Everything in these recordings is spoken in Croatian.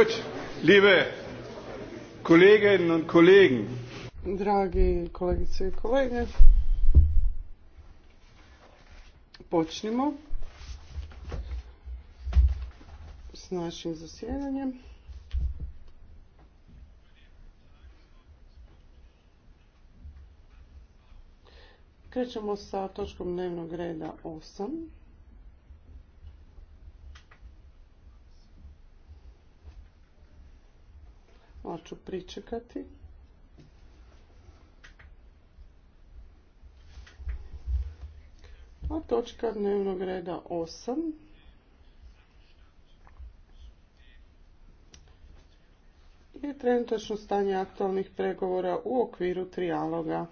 Gut, liebe Kolleginnen und Dragi kolegice i kolege, počnimo s našim zasjedanjem. Krećemo sa točkom dnevnog reda osam. ću pričekati. A točka dnevnog reda 8. je trenutačno stanje aktualnih pregovora u okviru trijaloga.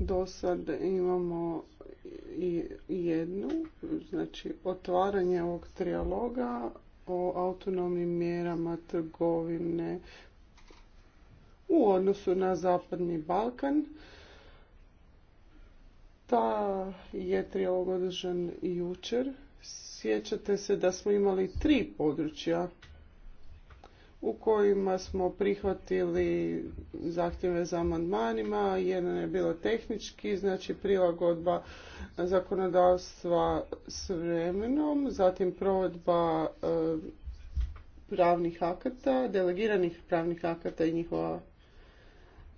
Do sad imamo i jednu, znači otvaranje ovog trijaloga o autonomnim mjerama trgovine u odnosu na Zapadni Balkan. Ta je trijalog održan jučer. Sjećate se da smo imali tri područja u kojima smo prihvatili zahtjeve za amandmanima. Jedan je bilo tehnički, znači prilagodba zakonodavstva s vremenom, zatim provedba e, pravnih akata, delegiranih pravnih akata i njihova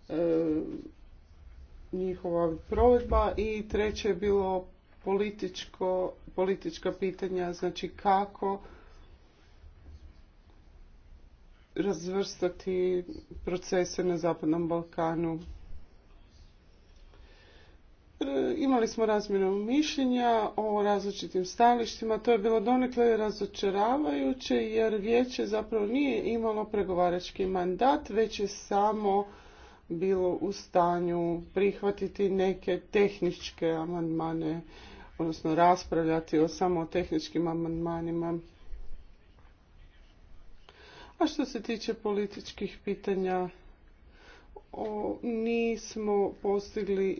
e, njihova provedba i treće je bilo politička pitanja, znači kako razvrstati procese na Zapadnom Balkanu. E, imali smo razmjenu mišljenja o različitim stajalištima. To je bilo donekle razočaravajuće jer vijeće zapravo nije imalo pregovarački mandat, već je samo bilo u stanju prihvatiti neke tehničke amandmane, odnosno raspravljati o samo tehničkim amandmanima. A što se tiče političkih pitanja, nismo postigli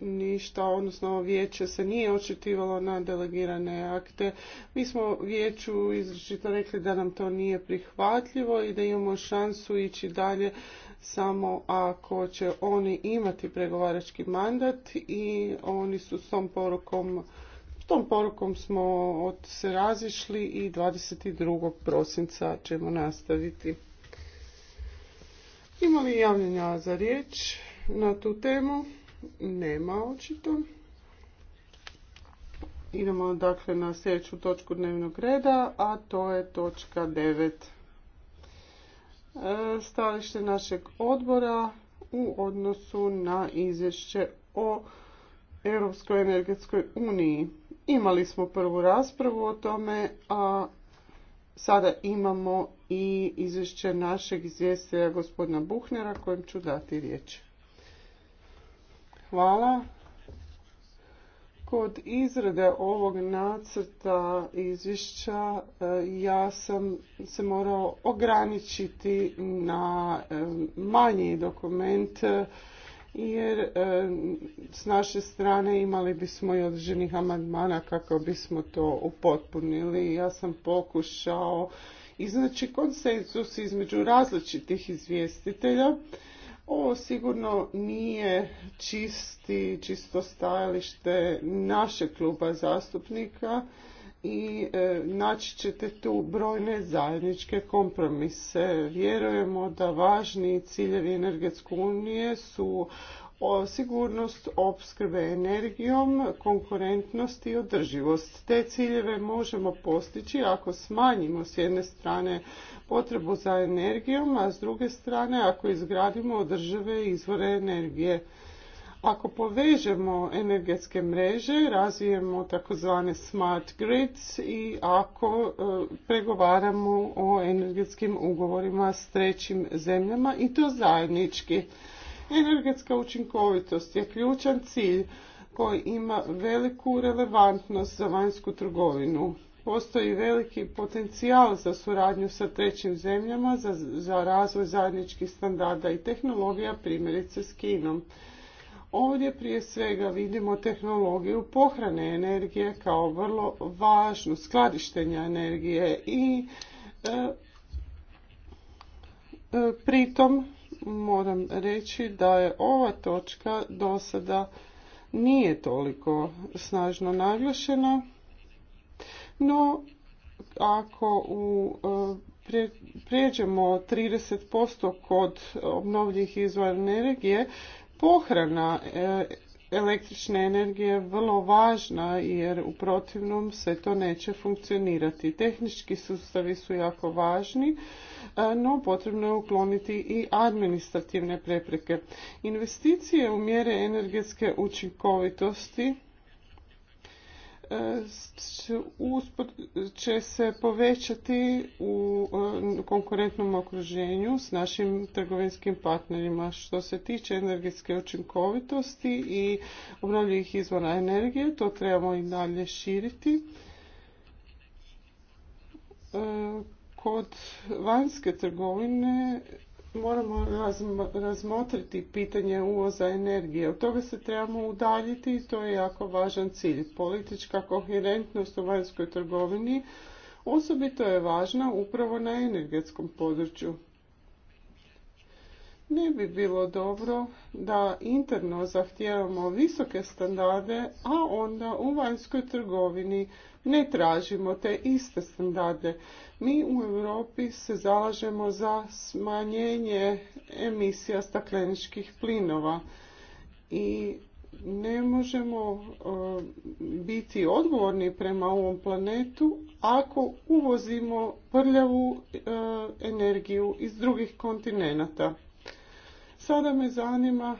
ništa, odnosno vijeće se nije očitivalo na delegirane akte. Mi smo vijeću izričito rekli da nam to nije prihvatljivo i da imamo šansu ići dalje samo ako će oni imati pregovarački mandat i oni su s tom porukom tom porukom smo od se razišli i 22. prosinca ćemo nastaviti. Ima li javljenja za riječ na tu temu? Nema očito. Idemo dakle na sljedeću točku dnevnog reda, a to je točka 9. E, Stalište našeg odbora u odnosu na izvješće o Europskoj energetskoj uniji. Imali smo prvu raspravu o tome, a sada imamo i izvješće našeg izvjestitelja gospodina Buhnera kojem ću dati riječ. Hvala. Kod izrade ovog nacrta izvješća e, ja sam se morao ograničiti na e, manji dokument jer e, s naše strane imali bismo i određenih amandmana kako bismo to upotpunili. Ja sam pokušao iznaći konsenzus između različitih izvjestitelja. Ovo sigurno nije čisti, čisto stajalište našeg kluba zastupnika i e, naći ćete tu brojne zajedničke kompromise. Vjerujemo da važni ciljevi energetske unije su sigurnost opskrbe energijom, konkurentnost i održivost. Te ciljeve možemo postići ako smanjimo s jedne strane potrebu za energijom, a s druge strane ako izgradimo održive izvore energije. Ako povežemo energetske mreže, razvijemo takozvane smart grids i ako e, pregovaramo o energetskim ugovorima s trećim zemljama i to zajednički. Energetska učinkovitost je ključan cilj koji ima veliku relevantnost za vanjsku trgovinu. Postoji veliki potencijal za suradnju sa trećim zemljama za, za razvoj zajedničkih standarda i tehnologija, primjerice s Kinom. Ovdje prije svega vidimo tehnologiju pohrane energije kao vrlo važno skladištenja energije i e, e, pritom moram reći da je ova točka do sada nije toliko snažno naglašena, no ako u e, prijeđemo 30% kod obnovljivih izvora energije, pohrana e, električne energije je vrlo važna jer u protivnom se to neće funkcionirati. Tehnički sustavi su jako važni, e, no potrebno je ukloniti i administrativne prepreke. Investicije u mjere energetske učinkovitosti E, će se povećati u e, konkurentnom okruženju s našim trgovinskim partnerima. Što se tiče energetske učinkovitosti i obnovljivih izvora energije, to trebamo i dalje širiti. E, kod vanjske trgovine moramo razmotriti pitanje uvoza energije. Od toga se trebamo udaljiti i to je jako važan cilj. Politička koherentnost u vanjskoj trgovini osobito je važna upravo na energetskom području. Ne bi bilo dobro da interno zahtijevamo visoke standarde, a onda u vanjskoj trgovini ne tražimo te iste standarde. Mi u Europi se zalažemo za smanjenje emisija stakleničkih plinova i ne možemo e, biti odgovorni prema ovom planetu ako uvozimo prljavu e, energiju iz drugih kontinenata. Sada me zanima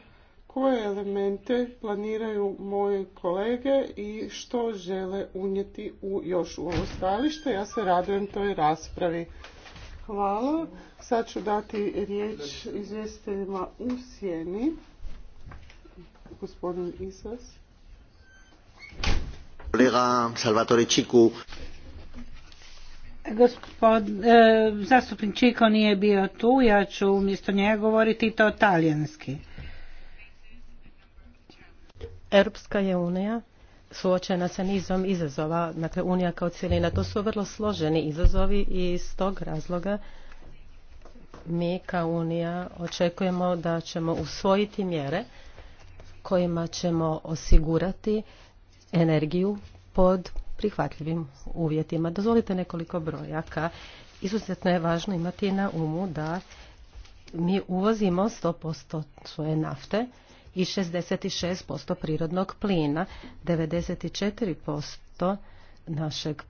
koje elemente planiraju moje kolege i što žele unijeti u još u ovo stajalište. Ja se radujem toj raspravi. Hvala. Sad ću dati riječ izvjestiteljima u sjeni. Gospodin Isas. Salvatore Gospod, e, zastupnik Čiko nije bio tu, ja ću umjesto njega govoriti to talijanski. Europska je unija suočena sa nizom izazova, dakle unija kao cijelina. To su vrlo složeni izazovi i iz tog razloga mi kao unija očekujemo da ćemo usvojiti mjere kojima ćemo osigurati energiju pod prihvatljivim uvjetima. Dozvolite nekoliko brojaka. Izuzetno je važno imati na umu da mi uvozimo 100% svoje nafte, i 66% prirodnog plina. 94% našeg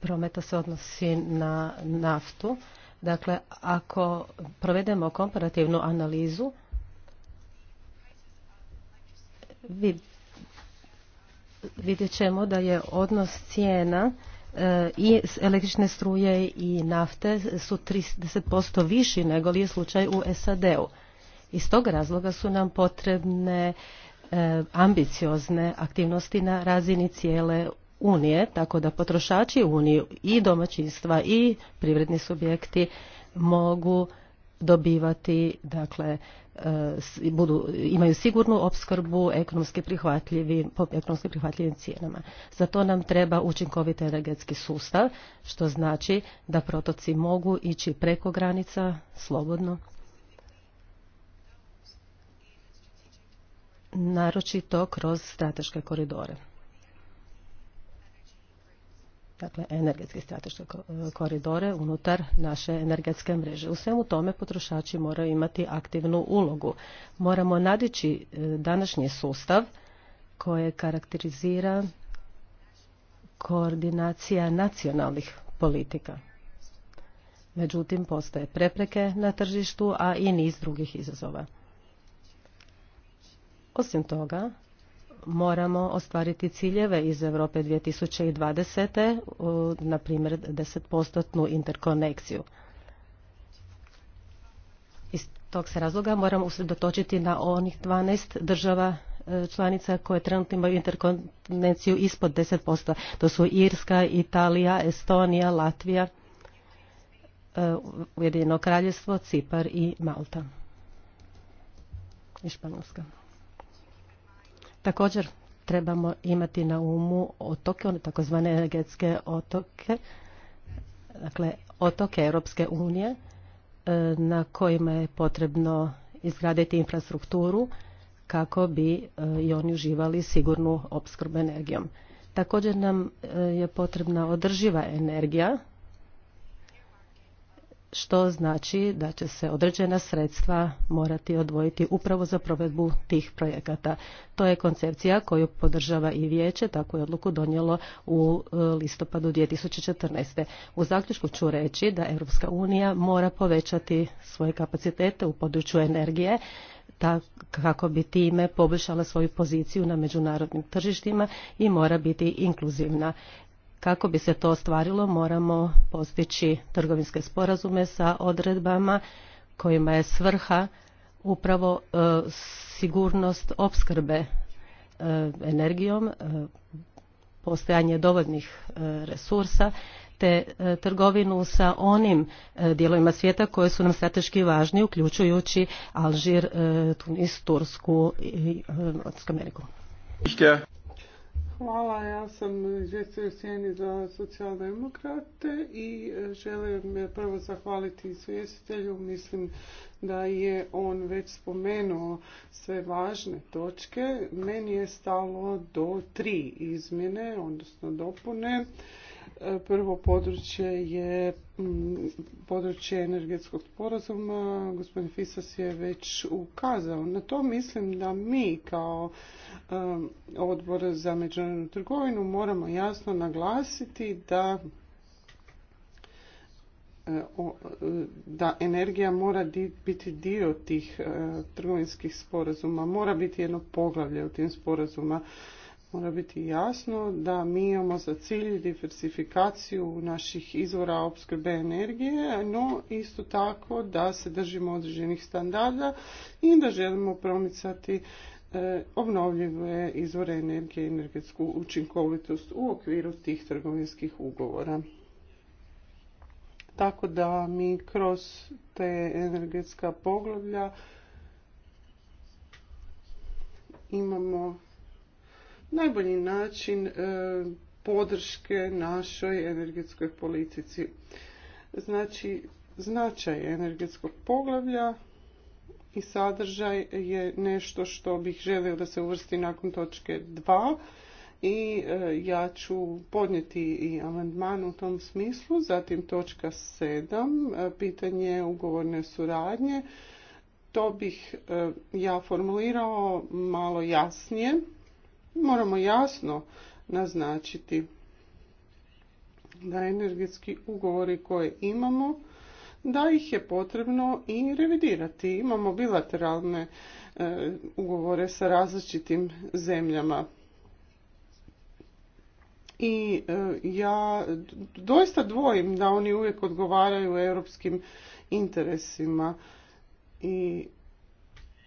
prometa se odnosi na naftu. Dakle, ako provedemo komparativnu analizu, vidjet ćemo da je odnos cijena E, i električne struje i nafte su 30% viši nego li je slučaj u SAD-u. Iz tog razloga su nam potrebne e, ambiciozne aktivnosti na razini cijele Unije, tako da potrošači Uniju i domaćinstva i privredni subjekti mogu dobivati, dakle, e, budu, imaju sigurnu opskrbu ekonomski prihvatljivi po ekonomski prihvatljivim cijenama. Za to nam treba učinkovit energetski sustav, što znači da protoci mogu ići preko granica slobodno. naročito kroz strateške koridore dakle energetske strateške koridore unutar naše energetske mreže. U svemu tome potrošači moraju imati aktivnu ulogu. Moramo nadići e, današnji sustav koje karakterizira koordinacija nacionalnih politika. Međutim, postoje prepreke na tržištu, a i niz drugih izazova. Osim toga, moramo ostvariti ciljeve iz Europe 2020. na primjer 10% interkonekciju. Iz tog se razloga moramo usredotočiti na onih 12 država e, članica koje trenutno imaju interkonekciju ispod 10%. To su Irska, Italija, Estonija, Latvija, e, Ujedinjeno kraljevstvo, Cipar i Malta i Također trebamo imati na umu otoke, one takozvane energetske otoke, dakle otoke Europske unije e, na kojima je potrebno izgraditi infrastrukturu kako bi e, i oni uživali sigurnu opskrbu energijom. Također nam e, je potrebna održiva energija što znači da će se određena sredstva morati odvojiti upravo za provedbu tih projekata. To je koncepcija koju podržava i vijeće, tako je odluku donijelo u e, listopadu 2014. U zaključku ću reći da Europska unija mora povećati svoje kapacitete u području energije, kako bi time poboljšala svoju poziciju na međunarodnim tržištima i mora biti inkluzivna. Kako bi se to ostvarilo moramo postići trgovinske sporazume sa odredbama kojima je svrha upravo e, sigurnost opskrbe e, energijom, e, postojanje dovoljnih e, resursa te trgovinu sa onim dijelovima svijeta koje su nam strateški važni, uključujući Alžir, Tunis, Tursku i Nordsku Ameriku. Hvala, ja sam izvjestio sjeni za socijaldemokrate i e, želim prvo zahvaliti izvjestitelju. Mislim da je on već spomenuo sve važne točke. Meni je stalo do tri izmjene, odnosno dopune. Prvo područje je mm, područje energetskog sporazuma. Gospodin Fisas je već ukazao. Na to mislim da mi kao um, odbor za međunarodnu trgovinu moramo jasno naglasiti da e, da energija mora biti dio tih e, trgovinskih sporazuma, mora biti jedno poglavlje u tim sporazuma Mora biti jasno da mi imamo za cilj diversifikaciju naših izvora opskrbe energije, no isto tako da se držimo određenih standarda i da želimo promicati e, obnovljive izvore energije i energetsku učinkovitost u okviru tih trgovinskih ugovora. Tako da mi kroz te energetska poglavlja imamo najbolji način e, podrške našoj energetskoj politici. Znači, značaj energetskog poglavlja i sadržaj je nešto što bih želio da se uvrsti nakon točke 2 i e, ja ću podnijeti i amandman u tom smislu. Zatim točka 7, e, pitanje ugovorne suradnje. To bih ja formulirao malo jasnije moramo jasno naznačiti da energetski ugovori koje imamo, da ih je potrebno i revidirati. Imamo bilateralne e, ugovore sa različitim zemljama. I e, ja doista dvojim da oni uvijek odgovaraju europskim interesima i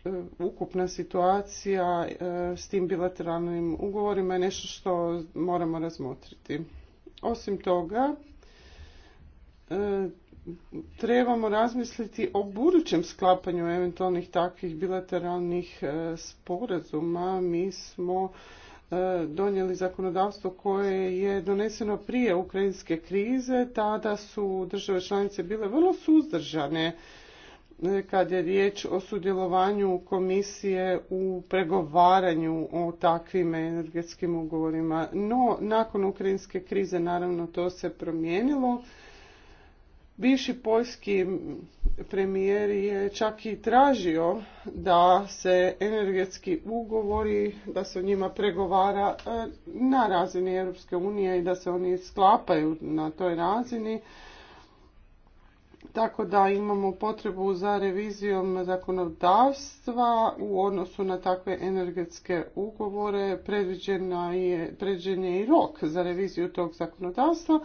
E, ukupna situacija e, s tim bilateralnim ugovorima je nešto što moramo razmotriti. Osim toga, e, trebamo razmisliti o budućem sklapanju eventualnih takvih bilateralnih sporazuma. Mi smo donijeli zakonodavstvo koje je doneseno prije ukrajinske krize. Tada su države članice bile vrlo suzdržane kad je riječ o sudjelovanju komisije u pregovaranju o takvim energetskim ugovorima. No, nakon ukrajinske krize naravno to se promijenilo. Bivši poljski premijer je čak i tražio da se energetski ugovori, da se o njima pregovara e, na razini Europske unije i da se oni sklapaju na toj razini tako da imamo potrebu za revizijom zakonodavstva u odnosu na takve energetske ugovore. je, predviđen je i rok za reviziju tog zakonodavstva.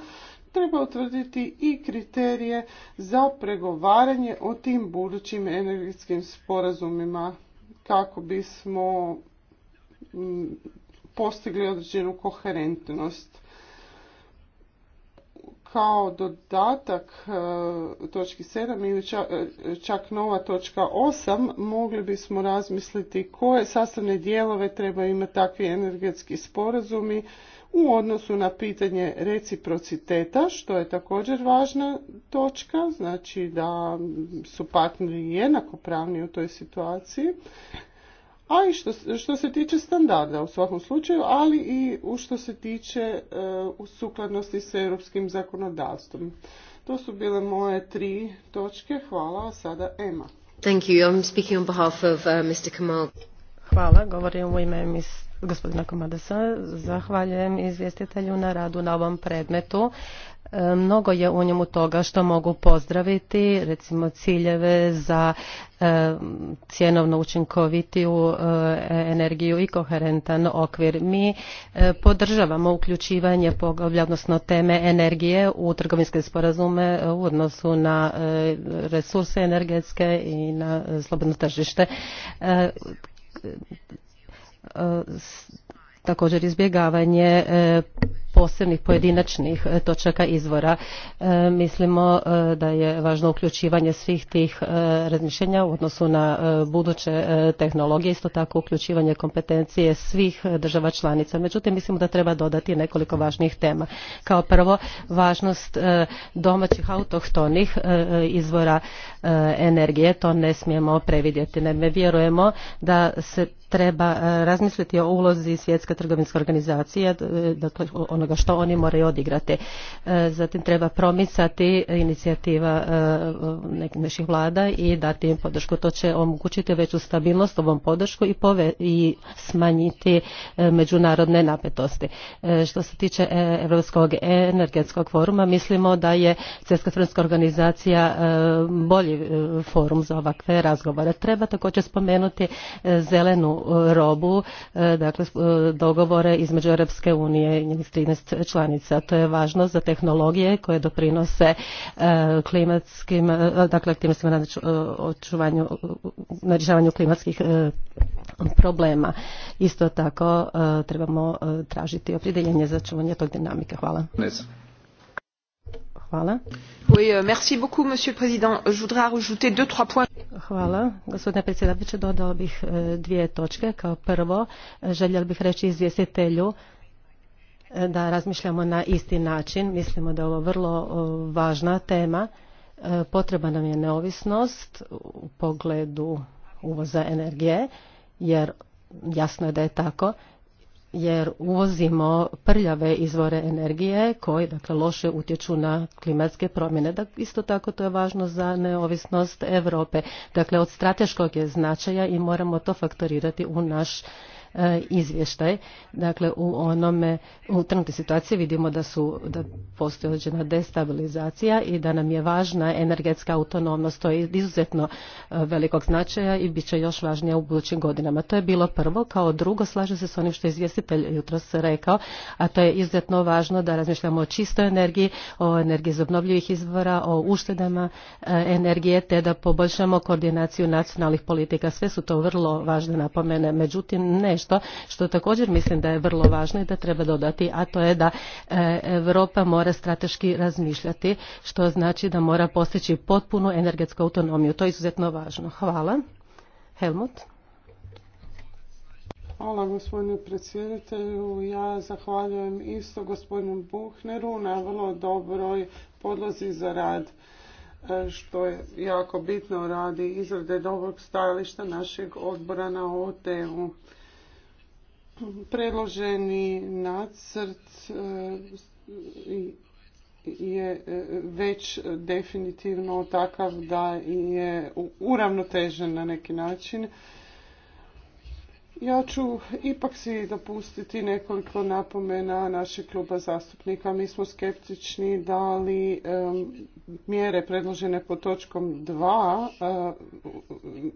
Treba utvrditi i kriterije za pregovaranje o tim budućim energetskim sporazumima kako bismo mm, postigli određenu koherentnost kao dodatak e, točki 7 ili e, čak nova točka 8 mogli bismo razmisliti koje sastavne dijelove treba imati takvi energetski sporazumi u odnosu na pitanje reciprociteta, što je također važna točka, znači da su partneri pravni u toj situaciji a i što, što se tiče standarda u svakom slučaju, ali i u što se tiče e, u sukladnosti s europskim zakonodavstvom. To su bile moje tri točke. Hvala. Sada Ema. Thank you. I'm speaking on behalf of uh, Mr. Kamal. Hvala. Govorim u ime mis, gospodina Komadesa. Zahvaljujem izvjestitelju na radu na ovom predmetu. E, mnogo je u njemu toga što mogu pozdraviti, recimo ciljeve za e, cjenovno učinkovitiju e, energiju i koherentan okvir. Mi podržavamo uključivanje poglavlja, odnosno teme energije u trgovinske sporazume u odnosu na resurse energetske i na slobodno tržište također izbjegavanje posebnih pojedinačnih e, točaka izvora. E, mislimo e, da je važno uključivanje svih tih razmišljenja u odnosu na buduće tehnologije, isto tako uključivanje kompetencije svih država članica. Međutim, mislimo da treba dodati nekoliko važnijih tema. Kao prvo, važnost domaćih autohtonih izvora energije, to ne smijemo previdjeti. Ne vjerujemo da se treba e, razmisliti o ulozi svjetske trgovinske organizacije, e, dakle onoga što oni moraju odigrati. E, zatim treba promicati inicijativa nekih naših vlada i dati im podršku. To će omogućiti veću stabilnost ovom podršku i, pove, i smanjiti međunarodne napetosti. Što se tiče Europskog energetskog foruma, mislimo da je svjetska trgovinska organizacija bolji forum za ovakve razgovore. Treba također spomenuti zelenu E, robu, e, dakle e, dogovore između Europske unije i njenih 13 članica. To je važno za tehnologije koje doprinose klimatskim, dakle aktivnostima na očuvanju, na rješavanju klimatskih problema. Isto tako trebamo tražiti opredjeljenje za čuvanje tog dinamike. Hvala. Euh, Hvala. Gospodine predsjedavajući, dodao bih e, dvije točke. Kao prvo, e, željela bih reći izvjestitelju e, da razmišljamo na isti način. Mislimo da je ovo vrlo važna tema. Potreba nam je neovisnost u pogledu uvoza energije, jer jasno je da je tako jer uvozimo prljave izvore energije koji dakle loše utječu na klimatske promjene. Dakle, isto tako to je važno za neovisnost Europe. Dakle od strateškog je značaja i moramo to faktorirati u naš E, izvještaj. Dakle, u onome, u trenutnoj situaciji vidimo da su, da postoji određena destabilizacija i da nam je važna energetska autonomnost. To je izuzetno e, velikog značaja i bit će još važnija u budućim godinama. To je bilo prvo. Kao drugo, slažem se s onim što je izvjestitelj jutros rekao, a to je izuzetno važno da razmišljamo o čistoj energiji, o energiji iz obnovljivih izvora, o uštedama e, energije, te da poboljšamo koordinaciju nacionalnih politika. Sve su to vrlo važne napomene. Međutim, ne nešto što također mislim da je vrlo važno i da treba dodati, a to je da Europa mora strateški razmišljati, što znači da mora postići potpunu energetsku autonomiju. To je izuzetno važno. Hvala. Helmut. Hvala gospodine predsjedatelju. Ja zahvaljujem isto gospodinu Buhneru na vrlo dobroj podlozi za rad e, što je jako bitno radi izrade dobrog stajališta našeg odbora na ovu temu. Predloženi nacrt e, je e, već definitivno takav da je uravnotežen na neki način ja ću ipak si dopustiti nekoliko napomena našeg kluba zastupnika. Mi smo skeptični da li mjere predložene po točkom 2 eh,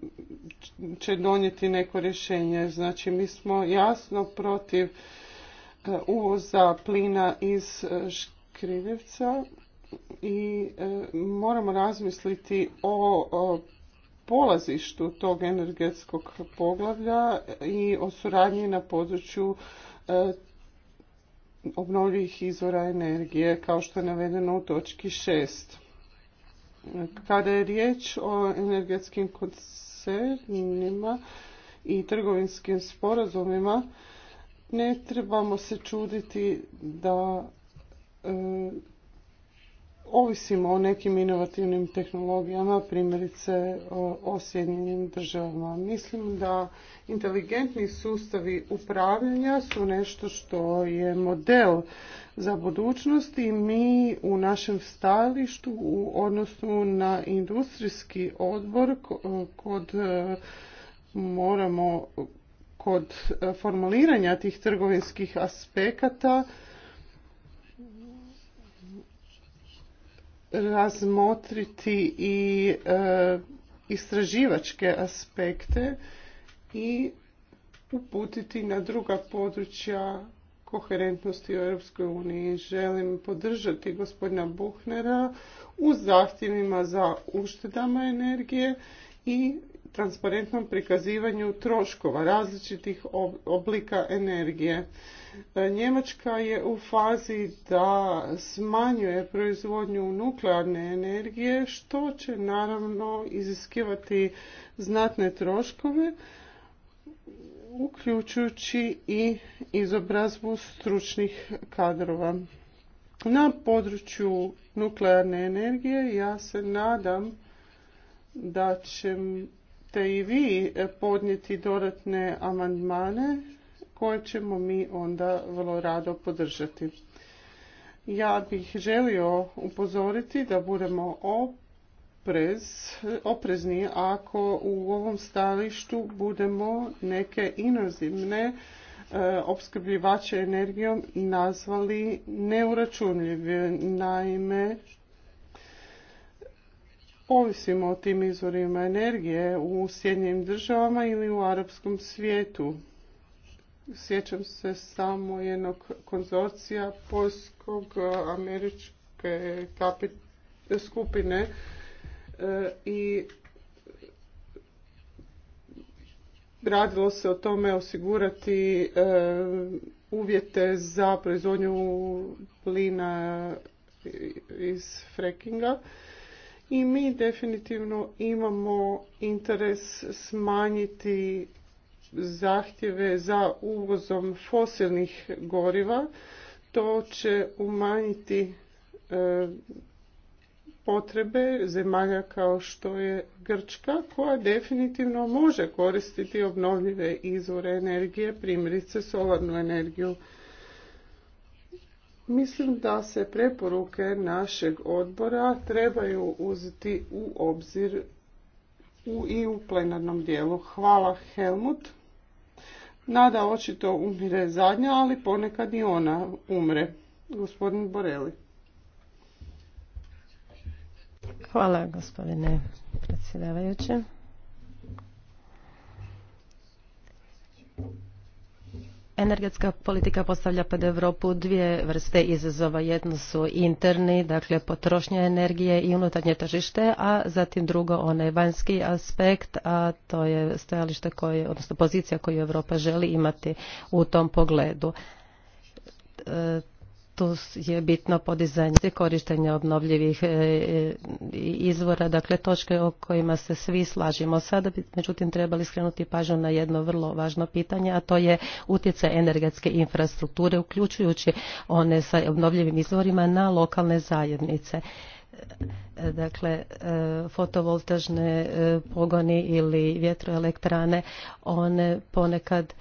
će donijeti neko rješenje. Znači mi smo jasno protiv eh, uvoza plina iz eh, Škrivjevca i moramo razmisliti o polazištu tog energetskog poglavlja i o suradnji na području e, obnovljivih izvora energije kao što je navedeno u točki šest. Kada je riječ o energetskim koncernima i trgovinskim sporazumima, ne trebamo se čuditi da e, ovisimo o nekim inovativnim tehnologijama, primjerice o Sjedinjenim državama. Mislim da inteligentni sustavi upravljanja su nešto što je model za budućnost i mi u našem stajalištu u odnosu na industrijski odbor kod e, moramo kod e, formuliranja tih trgovinskih aspekata razmotriti i e, istraživačke aspekte i uputiti na druga područja koherentnosti u Europskoj uniji. Želim podržati gospodina Buhnera u zahtjevima za uštedama energije i transparentnom prikazivanju troškova različitih oblika energije. E, Njemačka je u fazi da smanjuje proizvodnju nuklearne energije što će naravno iziskivati znatne troškove uključujući i izobrazbu stručnih kadrova. Na području nuklearne energije ja se nadam da će i vi e, podnijeti dodatne amandmane koje ćemo mi onda vrlo rado podržati. Ja bih želio upozoriti da budemo oprez, oprezni ako u ovom stavištu budemo neke inozimne e, opskrbljivače energijom nazvali neuračunljivim. Naime, ovisimo o tim izvorima energije u sjednjim državama ili u arapskom svijetu. Sjećam se samo jednog konzorcija poljskog e, američke skupine e, i radilo se o tome osigurati e, uvjete za proizvodnju plina iz frekinga i mi definitivno imamo interes smanjiti zahtjeve za uvozom fosilnih goriva. To će umanjiti e, potrebe zemalja kao što je Grčka koja definitivno može koristiti obnovljive izvore energije, primjerice solarnu energiju. Mislim da se preporuke našeg odbora trebaju uzeti u obzir u, i u plenarnom dijelu. Hvala Helmut. Nada očito umire zadnja, ali ponekad i ona umre. Gospodin Boreli. Hvala gospodine predsjedavajuće. Energetska politika postavlja pred Europu dvije vrste izazova. Jedno su interni, dakle potrošnja energije i unutarnje tržište, a zatim drugo onaj vanjski aspekt, a to je stajalište koje, odnosno pozicija koju Europa želi imati u tom pogledu. E, tu je bitno podizanje korištenja obnovljivih e, e, izvora, dakle točke o kojima se svi slažimo. Sada bi međutim trebali skrenuti pažnju na jedno vrlo važno pitanje, a to je utjecaj energetske infrastrukture, uključujući one sa obnovljivim izvorima na lokalne zajednice e, dakle fotovoltažne pogoni ili vjetroelektrane one ponekad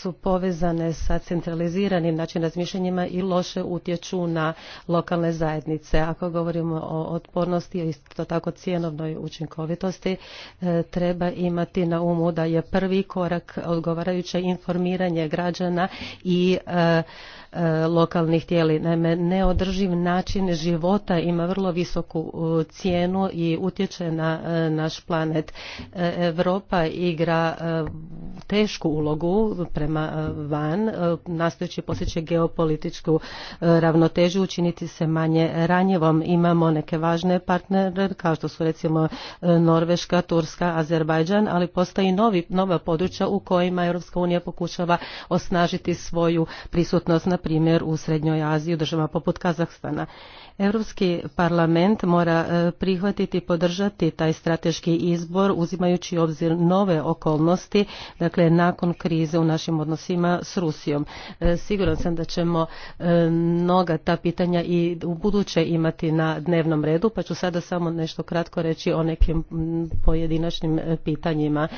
su povezane sa centraliziranim način razmišljanjima i loše utječu na lokalne zajednice. Ako govorimo o otpornosti, isto tako cijenovnoj učinkovitosti, e, treba imati na umu da je prvi korak odgovarajuće informiranje građana i e, e, lokalnih tijeli. Naime, neodrživ način života ima vrlo visoku cijenu i utječe na naš planet. Europa igra tešku ulogu prema prema e, van, e, nastojeći posjeći geopolitičku e, ravnotežu, učiniti se manje ranjivom. Imamo neke važne partnere, kao što su recimo Norveška, Turska, Azerbajdžan, ali postoji novi, nova područja u kojima Europska unija pokušava osnažiti svoju prisutnost, na primjer u Srednjoj Aziji, u državama poput Kazahstana. Europski parlament mora e, prihvatiti i podržati taj strateški izbor uzimajući obzir nove okolnosti, dakle nakon krize u našim odnosima s Rusijom. E, siguran sam da ćemo e, mnoga ta pitanja i u buduće imati na dnevnom redu, pa ću sada samo nešto kratko reći o nekim pojedinačnim pitanjima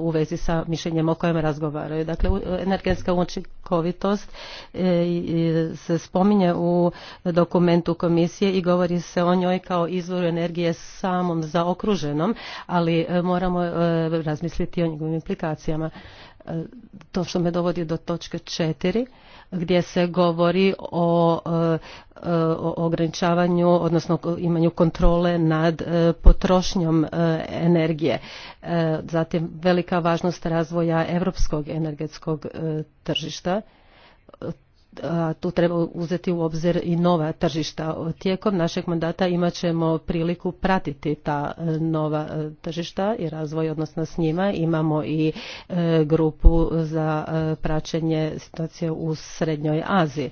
u vezi sa mišljenjem o kojem razgovaraju. Dakle, energetska učinkovitost se spominje u dokumentu komisije emisije i govori se o njoj kao izvoru energije samom zaokruženom, ali e, moramo e, razmisliti o njegovim implikacijama. E, to što me dovodi do točke četiri gdje se govori o, ograničavanju, odnosno imanju kontrole nad potrošnjom energije. Zatim velika važnost razvoja europskog energetskog tržišta tu treba uzeti u obzir i nova tržišta. Tijekom našeg mandata imat ćemo priliku pratiti ta e, nova e, tržišta i razvoj odnosno s njima. Imamo i e, grupu za praćenje situacije u Srednjoj Aziji.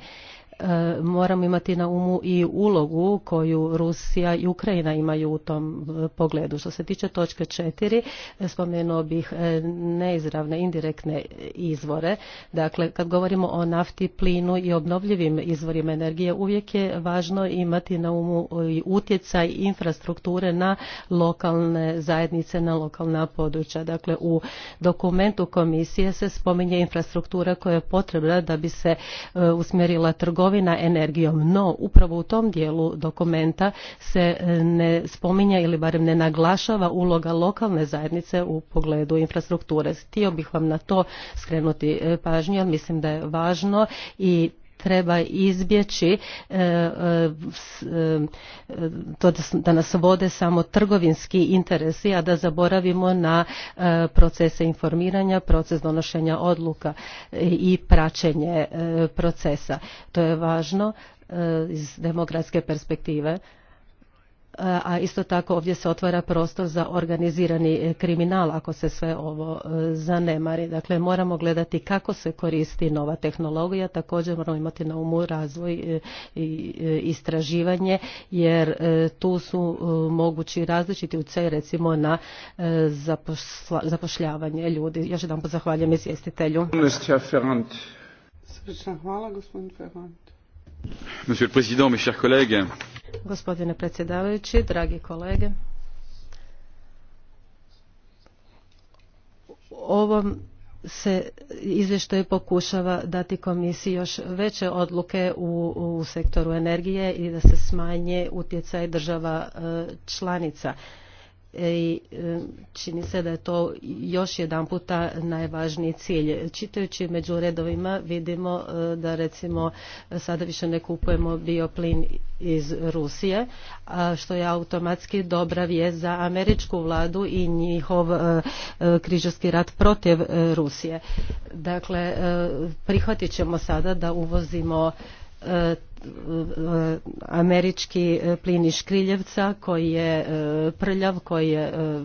E, moramo imati na umu i ulogu koju Rusija i Ukrajina imaju u tom e, pogledu. Što se tiče točke četiri, e, spomenuo bih neizravne, indirektne izvore. Dakle, kad govorimo o nafti, plinu i obnovljivim izvorima energije, uvijek je važno imati na umu i utjecaj infrastrukture na lokalne zajednice, na lokalna područja. Dakle, u dokumentu komisije se spominje infrastruktura koja je potrebna da bi se usmjerila trgovina trgovina energijom, no upravo u tom dijelu dokumenta se e, ne spominja ili barem ne naglašava uloga lokalne zajednice u pogledu infrastrukture. Htio bih vam na to skrenuti e, pažnju mislim da je važno i treba izbjeći e, e, e, to da nas vode samo trgovinski interesi, a da zaboravimo na procese informiranja, proces donošenja odluka i praćenje procesa. To je važno iz demokratske perspektive E, a isto tako ovdje se otvara prostor za organizirani e, kriminal ako se sve ovo e, zanemari. Dakle, moramo gledati kako se koristi nova tehnologija, također moramo imati na umu razvoj i istraživanje, jer tu su mogući različiti utjecaj recimo na zapošljavanje ljudi. Još jedan zahvaljujem izvjestitelju. hvala, gospodin Ferrand. Gospodine predsjedavajući, dragi kolege, ovom se izvještaju pokušava dati komisiji još veće odluke u, u sektoru energije i da se smanje utjecaj država e, članica i e, čini se da je to još jedan puta najvažniji cilj. Čitajući među redovima vidimo e, da recimo sada više ne kupujemo bioplin iz Rusije, što je automatski dobra vijest za američku vladu i njihov e, križarski rat protiv Rusije. Dakle, prihvatit ćemo sada da uvozimo američki e, plin iz škriljevca koji je e, prljav, koji je e,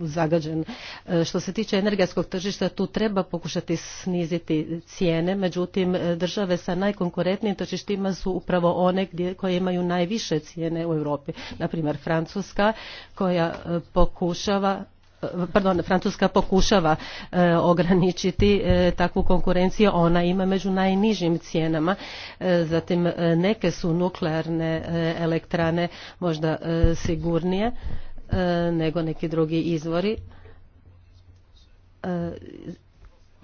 zagađen. Što se tiče energetskog tržišta, tu treba pokušati sniziti cijene, međutim države sa najkonkurentnijim tržištima su upravo one koje imaju najviše cijene u Europi. Naprimjer Francuska koja pokušava pardon, Francuska pokušava e, ograničiti e, takvu konkurenciju, ona ima među najnižim cijenama, e, zatim neke su nuklearne elektrane možda sigurnije nego neki drugi izvori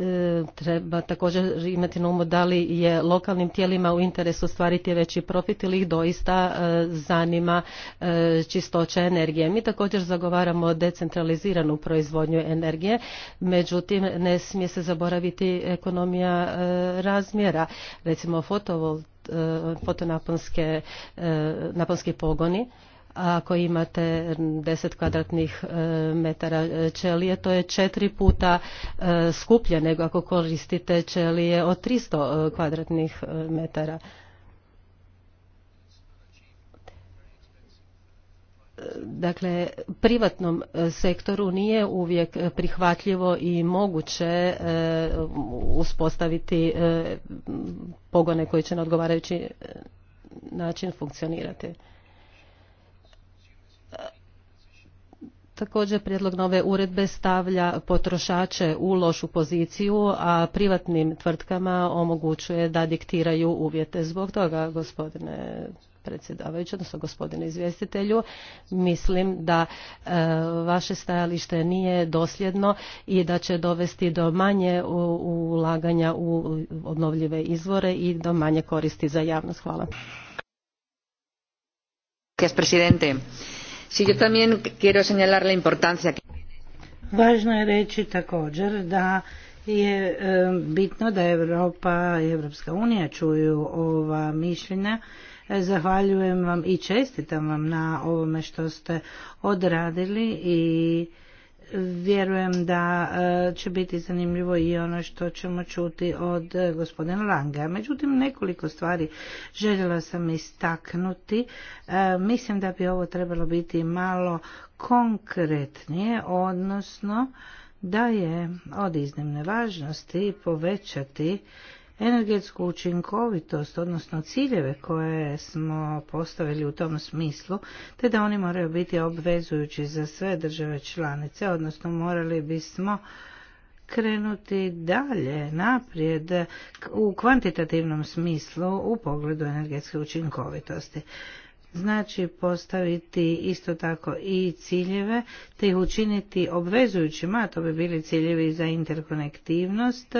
E, treba također imati na umu da li je lokalnim tijelima u interesu stvariti veći profit ili ih doista e, zanima e, čistoća energije. Mi također zagovaramo decentraliziranu proizvodnju energije, međutim ne smije se zaboraviti ekonomija razmjera. Recimo fotonaponske pogoni ako imate 10 kvadratnih e, metara čelije, e, to je četiri puta e, skuplje nego ako koristite čelije od 300 kvadratnih metara. Dakle, privatnom sektoru nije uvijek prihvatljivo i moguće uspostaviti pogone koji će na odgovarajući način funkcionirati. Također prijedlog nove uredbe stavlja potrošače u lošu poziciju, a privatnim tvrtkama omogućuje da diktiraju uvjete. Zbog toga, gospodine predsjedavajući, odnosno gospodine izvjestitelju, mislim da e, vaše stajalište nije dosljedno i da će dovesti do manje ulaganja u obnovljive izvore i do manje koristi za javnost. Hvala yo Važno je reći također da je e, bitno da Europa i Europska unija čuju ova mišljenja. E, zahvaljujem vam i čestitam vam na ovome što ste odradili i vjerujem da e, će biti zanimljivo i ono što ćemo čuti od e, gospodina Lange. Međutim, nekoliko stvari željela sam istaknuti. E, mislim da bi ovo trebalo biti malo konkretnije, odnosno da je od iznimne važnosti povećati energetsku učinkovitost, odnosno ciljeve koje smo postavili u tom smislu, te da oni moraju biti obvezujući za sve države članice, odnosno morali bismo krenuti dalje, naprijed u kvantitativnom smislu u pogledu energetske učinkovitosti. Znači postaviti isto tako i ciljeve, te ih učiniti obvezujućima, a to bi bili ciljevi za interkonektivnost,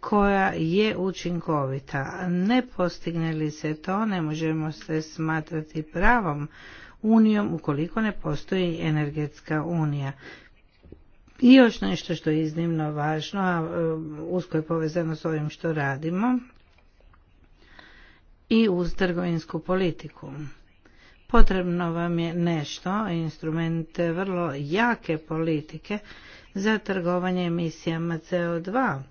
koja je učinkovita. Ne postigne li se to, ne možemo se smatrati pravom unijom ukoliko ne postoji energetska unija. I još nešto što je iznimno važno, a e, usko je povezano s ovim što radimo, i uz trgovinsku politiku. Potrebno vam je nešto, instrument vrlo jake politike za trgovanje emisijama CO2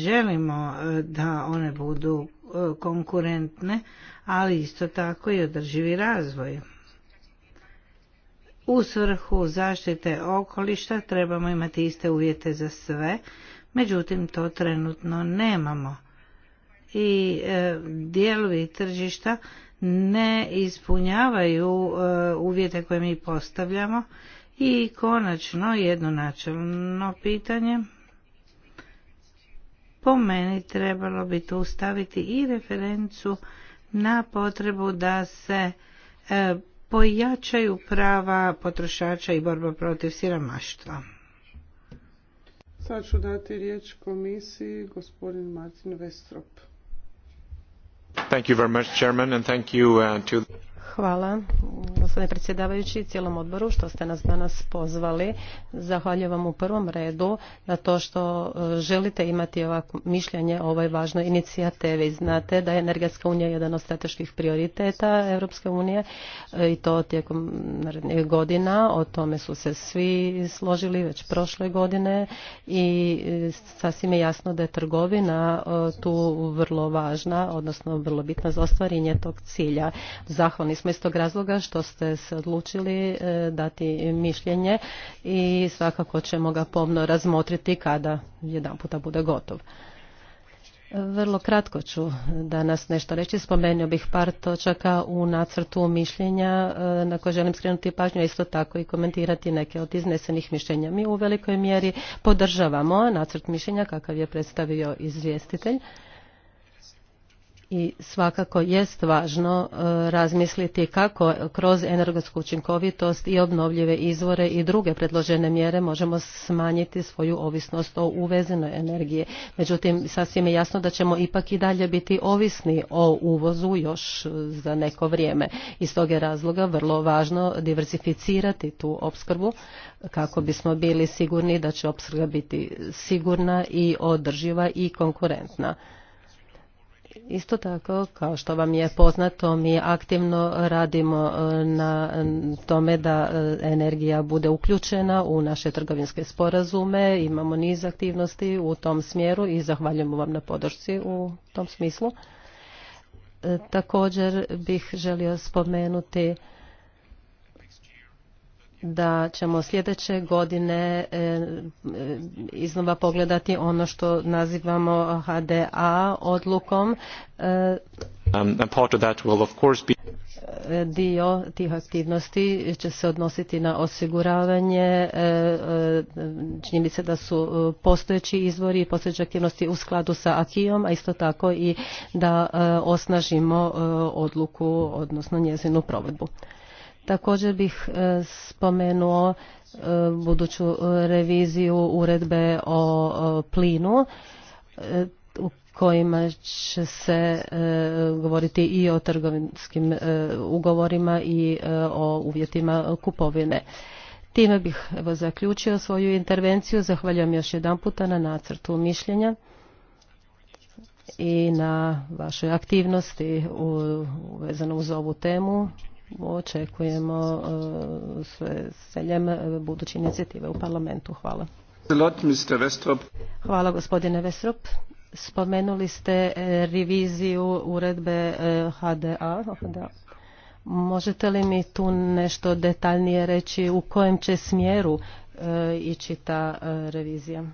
želimo e, da one budu e, konkurentne, ali isto tako i održivi razvoj. U svrhu zaštite okoliša trebamo imati iste uvjete za sve, međutim to trenutno nemamo. I e, dijelovi tržišta ne ispunjavaju uvjete koje mi postavljamo i konačno jedno načelno pitanje po meni trebalo bi tu staviti i referencu na potrebu da se e, pojačaju prava potrošača i borba protiv siromaštva. Sad ću dati riječ komisiji gospodin Martin Westrop. Thank you very much, Chairman, and thank you uh, to... Hvala gospodine predsjedavajući i cijelom odboru što ste nas danas pozvali. Zahvaljujem vam u prvom redu na to što e, želite imati ovako mišljenje o ovoj važnoj inicijativi. Znate da je energetska unija jedan od strateških prioriteta Europske unije e, i to tijekom narednih godina. O tome su se svi složili već prošle godine i e, sasvim je jasno da je trgovina tu vrlo važna, odnosno vrlo bitna za ostvarenje tog cilja. Zahvalni smo iz tog razloga što ste se odlučili e, dati mišljenje i svakako ćemo ga pomno razmotriti kada jedan puta bude gotov. Vrlo kratko ću danas nešto reći. Spomenuo bih par točaka u nacrtu mišljenja e, na koje želim skrenuti pažnju, isto tako i komentirati neke od iznesenih mišljenja. Mi u velikoj mjeri podržavamo nacrt mišljenja kakav je predstavio izvjestitelj i svakako jest važno e, razmisliti kako kroz energetsku učinkovitost i obnovljive izvore i druge predložene mjere možemo smanjiti svoju ovisnost o uvezenoj energiji. Međutim, sasvim je jasno da ćemo ipak i dalje biti ovisni o uvozu još za neko vrijeme. Iz tog je razloga vrlo važno diversificirati tu opskrbu kako bismo bili sigurni da će opskrba biti sigurna i održiva i konkurentna. Isto tako, kao što vam je poznato, mi aktivno radimo e, na tome da e, energija bude uključena u naše trgovinske sporazume. Imamo niz aktivnosti u tom smjeru i zahvaljujemo vam na podršci u tom smislu. E, također bih želio spomenuti da ćemo sljedeće godine e, e, iznova pogledati ono što nazivamo HDA odlukom. Dio tih aktivnosti će se odnositi na osiguravanje. E, čini mi se da su postojeći izvori i postojeće aktivnosti u skladu sa akijom, a isto tako i da osnažimo odluku, odnosno njezinu provedbu. Također bih e, spomenuo e, buduću e, reviziju uredbe o plinu u kojima će se govoriti i o trgovinskim ugovorima i o uvjetima kupovine. Time bih evo, zaključio svoju intervenciju. Zahvaljujem još jedan puta na nacrtu mišljenja i na vašoj aktivnosti vezano uz ovu temu očekujemo e, sve seljem e, buduće inicijative u parlamentu. Hvala. Hvala gospodine Vestrop. Spomenuli ste e, reviziju uredbe HDA. Možete li mi tu nešto detaljnije reći u kojem će smjeru ići ta revizija?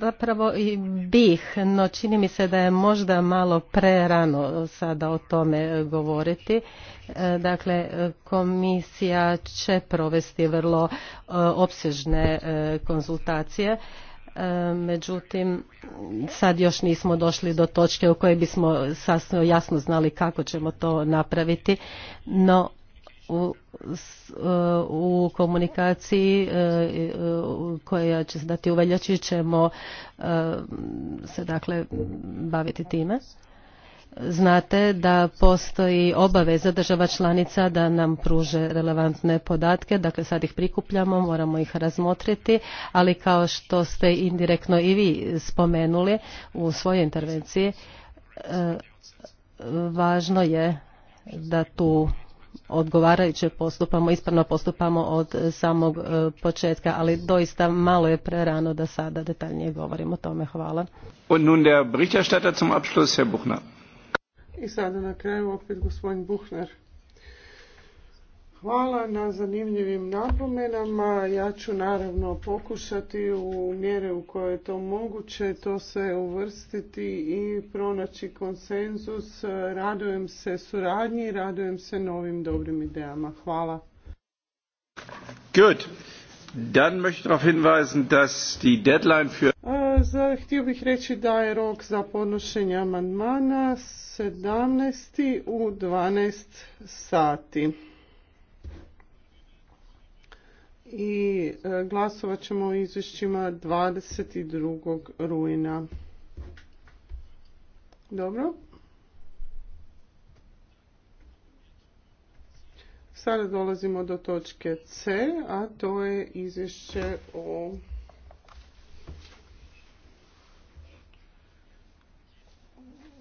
zapravo i bih, no čini mi se da je možda malo prerano sada o tome govoriti. E, dakle, komisija će provesti vrlo e, opsežne e, konzultacije međutim sad još nismo došli do točke u kojoj bismo sasvim jasno znali kako ćemo to napraviti no u, e, u komunikaciji e, e, koja će se dati u veljači ćemo se dakle baviti time. Znate da postoji obaveza država članica da nam pruže relevantne podatke, dakle sad ih prikupljamo, moramo ih razmotriti, ali kao što ste indirektno i vi spomenuli u svojoj intervenciji, važno je da tu odgovarajuće postupamo, ispravno postupamo od samog e, početka, ali doista malo je prerano da sada detaljnije govorimo o tome. Hvala. I sada na kraju opet gospodin Buchner. Hvala na zanimljivim napomenama. Ja ću naravno pokušati u mjere u kojoj je to moguće to se uvrstiti i pronaći konsenzus. Radujem se suradnji, radujem se novim dobrim idejama. Hvala. Good. möchte hinweisen, dass die Deadline für e, Htio bih reći da je rok za podnošenje amandmana 17. u 12 sati i e, glasovat ćemo o izvješćima 22. rujna. Dobro. Sada dolazimo do točke C, a to je izvješće o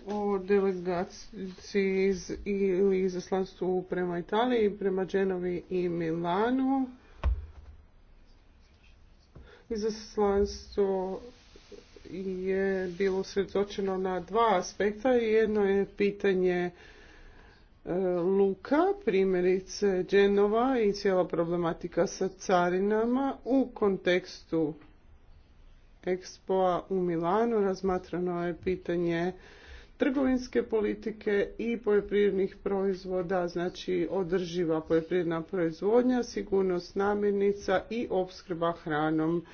o delegaciji iz, izaslanstvu prema Italiji, prema Dženovi i Milanu. Izaslanstvo je bilo sredočeno na dva aspekta. Jedno je pitanje e, luka, primjerice dženova i cijela problematika sa carinama u kontekstu ekspoa u Milanu. Razmatrano je pitanje trgovinske politike i poljoprivrednih proizvoda, znači održiva poljoprivredna proizvodnja, sigurnost namirnica i opskrba hranom.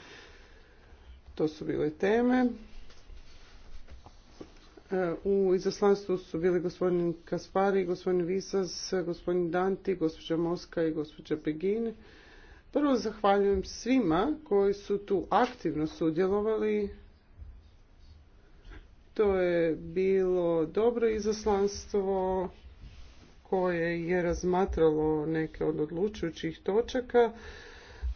To su bile teme. E, u izaslanstvu su bili gospodin Kaspari, gospodin Visas, gospodin Danti, gospođa Moska i gospođa Pegin. Prvo zahvaljujem svima koji su tu aktivno sudjelovali to je bilo dobro izaslanstvo koje je razmatralo neke od odlučujućih točaka.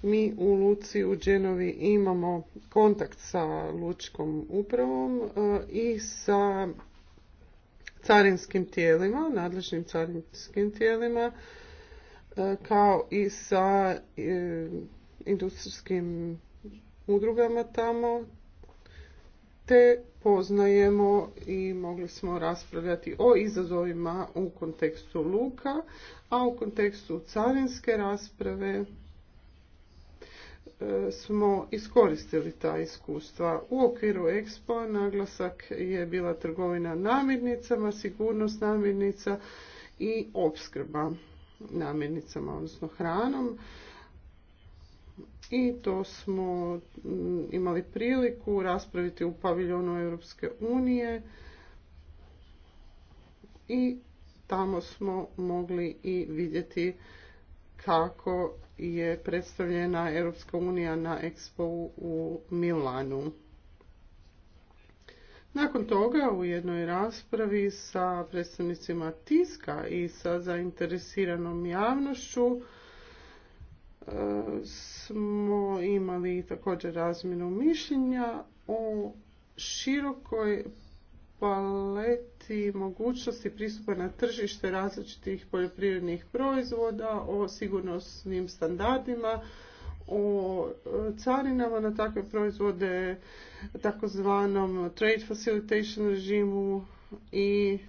Mi u Luci u Dženovi imamo kontakt sa lučkom upravom e, i sa carinskim tijelima, nadležnim carinskim tijelima, e, kao i sa e, industrijskim udrugama tamo, te poznajemo i mogli smo raspravljati o izazovima u kontekstu luka, a u kontekstu carinske rasprave e, smo iskoristili ta iskustva. U okviru Expo naglasak je bila trgovina namirnicama, sigurnost namirnica i opskrba namirnicama, odnosno hranom i to smo mm, imali priliku raspraviti u paviljonu Europske unije i tamo smo mogli i vidjeti kako je predstavljena Europska unija na Expo u Milanu. Nakon toga u jednoj raspravi sa predstavnicima tiska i sa zainteresiranom javnošću smo imali također razmjenu mišljenja o širokoj paleti mogućnosti pristupa na tržište različitih poljoprivrednih proizvoda, o sigurnosnim standardima, o carinama na takve proizvode, takozvanom trade facilitation režimu i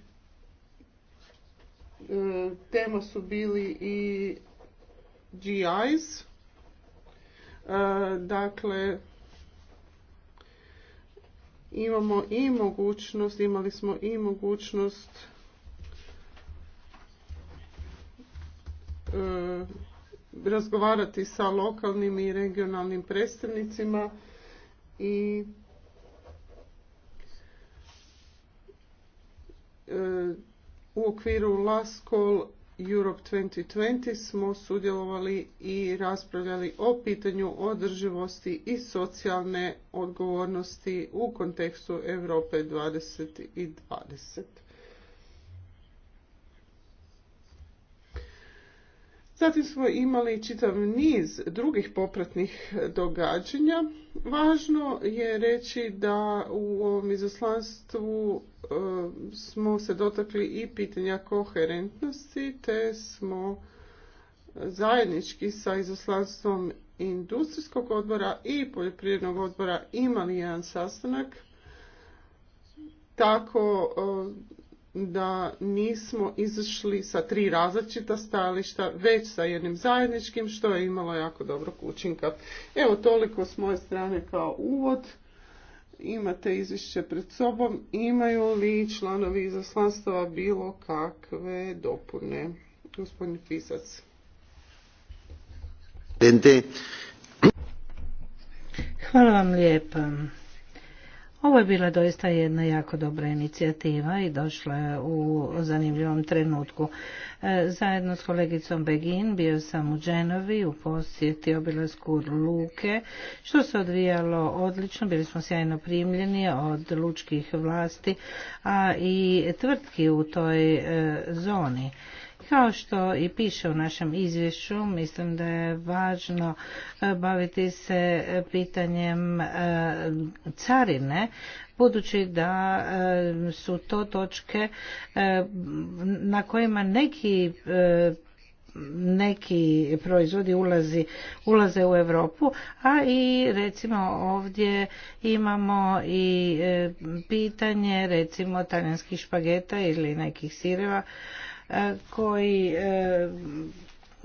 e, tema su bili i GIs. E, dakle, imamo i mogućnost, imali smo i mogućnost e, razgovarati sa lokalnim i regionalnim predstavnicima i e, u okviru LASCOL Europe 2020 smo sudjelovali i raspravljali o pitanju održivosti i socijalne odgovornosti u kontekstu Europe 2020. Zatim smo imali čitav niz drugih popratnih događanja. Važno je reći da u ovom izoslanstvu e, smo se dotakli i pitanja koherentnosti, te smo zajednički sa izoslanstvom industrijskog odbora i poljoprivrednog odbora imali jedan sastanak. Tako e, da nismo izašli sa tri različita stajališta, već sa jednim zajedničkim, što je imalo jako dobrog učinka. Evo toliko s moje strane kao uvod. Imate izvješće pred sobom. Imaju li članovi izaslanstava bilo kakve dopune? Gospodin Pisac. Hvala vam lijepa. Ovo je bila doista jedna jako dobra inicijativa i došla je u zanimljivom trenutku. E, zajedno s kolegicom Begin bio sam u Dženovi u posjeti obilasku Luke, što se odvijalo odlično, bili smo sjajno primljeni od lučkih vlasti, a i tvrtki u toj e, zoni. Kao što i piše u našem izvješću, mislim da je važno e, baviti se e, pitanjem e, carine, budući da su to točke na kojima neki neki proizvodi ulazi, ulaze u Europu, a i recimo ovdje imamo i pitanje recimo talijanskih špageta ili nekih sireva E, koji e,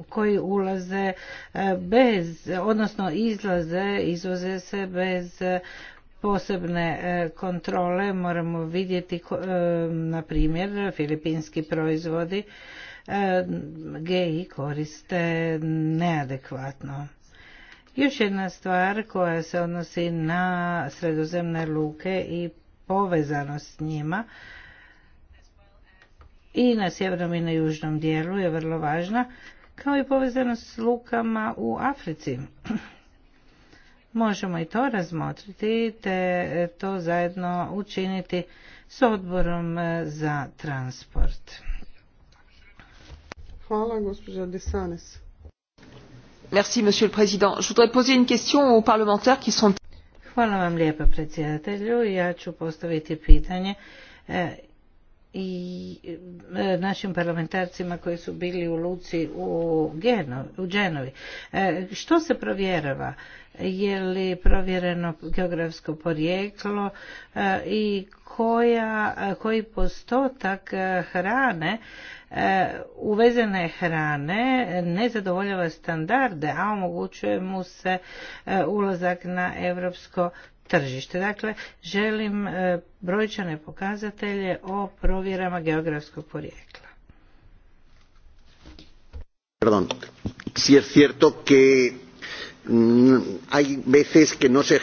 koji ulaze e, bez, odnosno izlaze, izvoze se bez posebne kontrole. Moramo vidjeti, na primjer, filipinski proizvodi geji koriste neadekvatno. Još jedna stvar koja se odnosi na sredozemne luke i povezanost s njima, i na sjevernom i na južnom dijelu je vrlo važna, kao i povezanost s lukama u Africi. Možemo i to razmotriti, te e, to zajedno učiniti s odborom e, za transport. Hvala, gospođa Desanes. Merci, monsieur le président. Je voudrais poser une question aux parlementaires qui sont... Hvala vam lijepa, predsjedatelju. Ja ću postaviti pitanje e, i e, našim parlamentarcima koji su bili u Luci u, Geno, u Genovi. E, što se provjerava? Je li provjereno geografsko porijeklo e, i koja, koji postotak hrane uvezene hrane ne zadovoljava standarde, a omogućuje mu se ulazak na europsko tržište. Dakle, želim e, brojčane pokazatelje o provjerama geografskog porijekla. Perdón, si es cierto que mm, hay veces que no se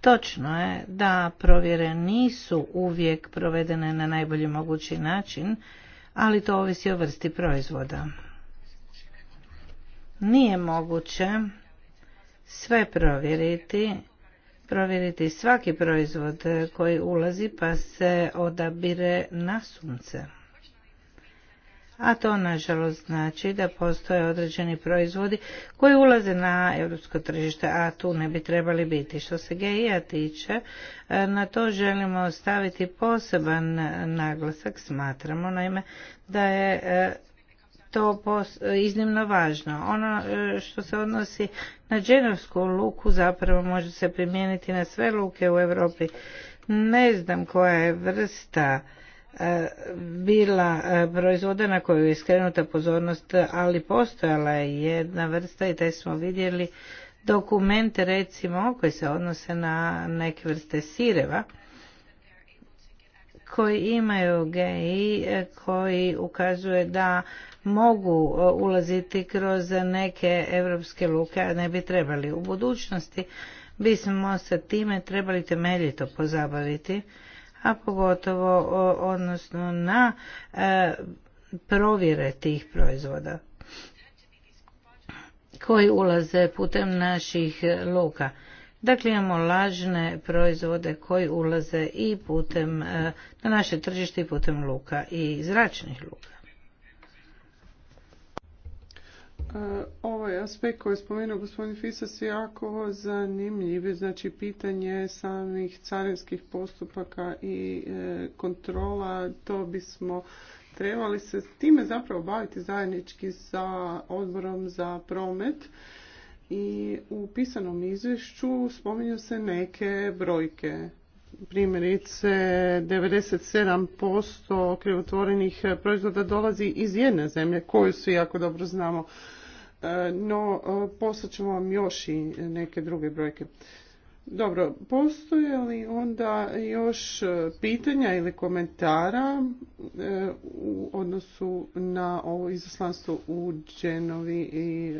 Točno je da provjere nisu uvijek provedene na najbolji mogući način, ali to ovisi o vrsti proizvoda. Nije moguće sve provjeriti, provjeriti svaki proizvod koji ulazi pa se odabire na sunce. A to nažalost znači da postoje određeni proizvodi koji ulaze na europsko tržište, a tu ne bi trebali biti. Što se GIA tiče, na to želimo staviti poseban naglasak. Smatramo naime da je to iznimno važno. Ono e, što se odnosi na dženovsku luku zapravo može se primijeniti na sve luke u Europi. Ne znam koja je vrsta e, bila e, proizvoda na koju je skrenuta pozornost, ali postojala je jedna vrsta i taj smo vidjeli dokumente recimo koji se odnose na neke vrste sireva koji imaju GI koji ukazuje da mogu e, ulaziti kroz neke europske luke, a ne bi trebali. U budućnosti bismo sa time trebali temeljito pozabaviti, a pogotovo odnosno na e, provjere tih proizvoda koji ulaze putem naših luka. Dakle, imamo lažne proizvode koji ulaze i putem e, na naše tržište i putem luka i zračnih luka. E, ovaj aspekt koji je spomenuo gospodin Fisas je jako zanimljiv, znači pitanje samih carinskih postupaka i e, kontrola, to bismo trebali se time zapravo baviti zajednički sa odborom za promet i u pisanom izvješću spominju se neke brojke. Primjerice, 97% krivotvorenih proizvoda dolazi iz jedne zemlje koju svi jako dobro znamo no e, poslat ćemo vam još i neke druge brojke. Dobro, postoje li onda još e, pitanja ili komentara e, u odnosu na ovo izoslanstvo u Dženovi i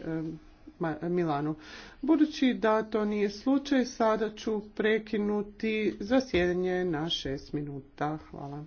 Milanu? Budući da to nije slučaj, sada ću prekinuti zasjedanje na šest minuta. Hvala.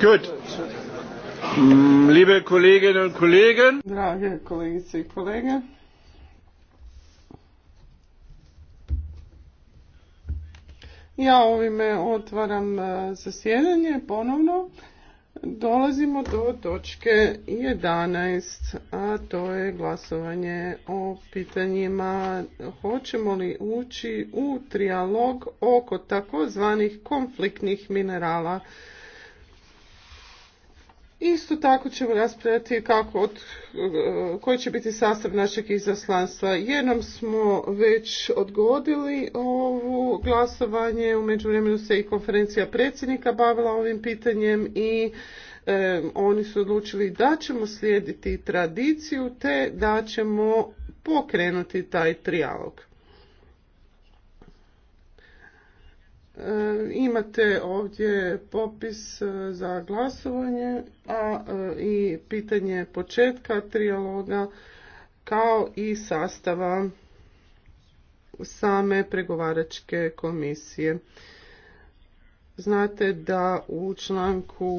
Good. Mm, liebe Kolleginnen und Kollegen. Drage kolegice i kolege. Ja ovime otvaram eh, zasjedanje ponovno. Dolazimo do točke 11, a to je glasovanje o pitanjima hoćemo li ući u trijalog oko takozvanih konfliktnih minerala. Isto tako ćemo raspravljati kako od, eh, koji će biti sastav našeg izaslanstva. Jednom smo već odgodili ovo glasovanje, u međuvremenu se i konferencija predsjednika bavila ovim pitanjem i eh, oni su odlučili da ćemo slijediti tradiciju te da ćemo pokrenuti taj trijalog. E, imate ovdje popis e, za glasovanje, a e, i pitanje početka trijaloga kao i sastava same pregovaračke komisije. Znate da u članku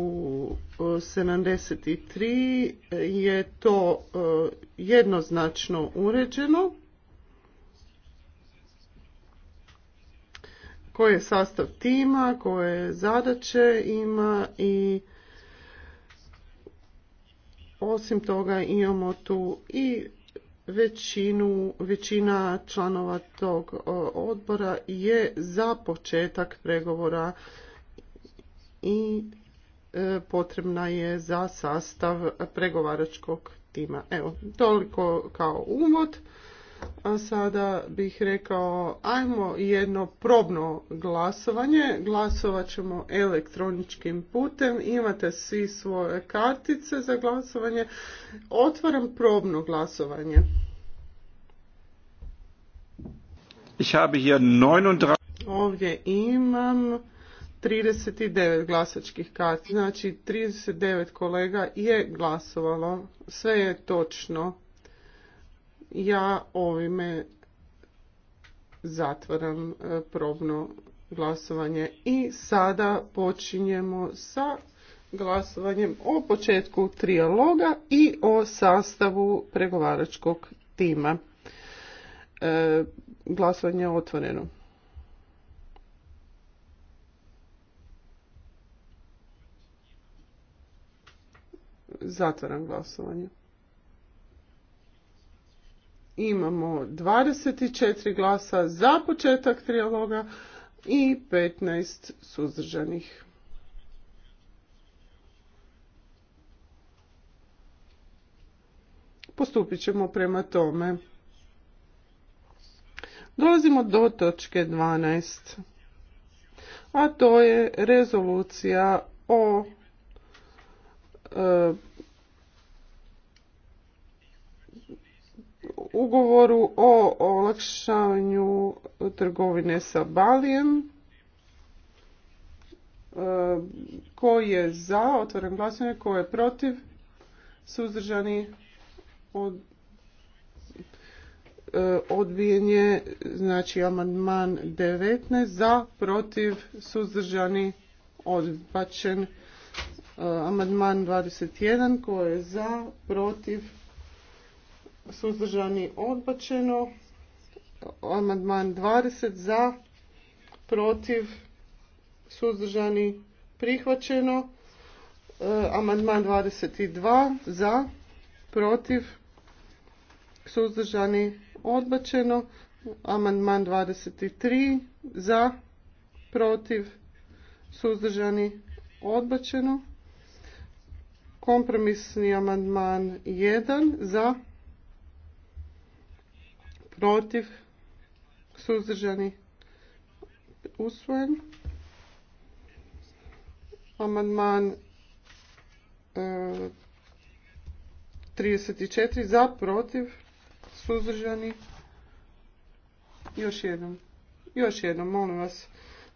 73 je to jednoznačno uređeno koji je sastav tima, koje zadaće ima i osim toga imamo tu i većinu, većina članova tog odbora je za početak pregovora i e, potrebna je za sastav pregovaračkog tima. Evo, toliko kao uvod. A sada bih rekao, ajmo jedno probno glasovanje. Glasovat ćemo elektroničkim putem. Imate svi svoje kartice za glasovanje. Otvaram probno glasovanje. Ich habe hier 39... Ovdje imam 39 glasačkih kartica. Znači 39 kolega je glasovalo. Sve je točno. Ja ovime zatvaram e, probno glasovanje i sada počinjemo sa glasovanjem o početku trijaloga i o sastavu pregovaračkog tima. E, glasovanje je otvoreno. Zatvaram glasovanje imamo 24 glasa za početak trijaloga i 15 suzdržanih. Postupit ćemo prema tome. Dolazimo do točke 12. A to je rezolucija o e, ugovoru o olakšavanju trgovine sa Balijem. E, ko je za? otvoren glasanje. Ko je protiv? Suzdržani od e, odbijen je znači amandman 19 za protiv suzdržani odbačen e, amandman 21 ko je za protiv suzdržani odbačeno. Amandman 20 za, protiv, suzdržani prihvaćeno. E, amandman 22 za, protiv, suzdržani odbačeno. Amandman 23 za, protiv, suzdržani odbačeno. Kompromisni amandman 1 za, protiv, suzdržani, usvojen. Amandman 34 e, za, protiv, suzdržani, još jednom, još jednom, molim vas.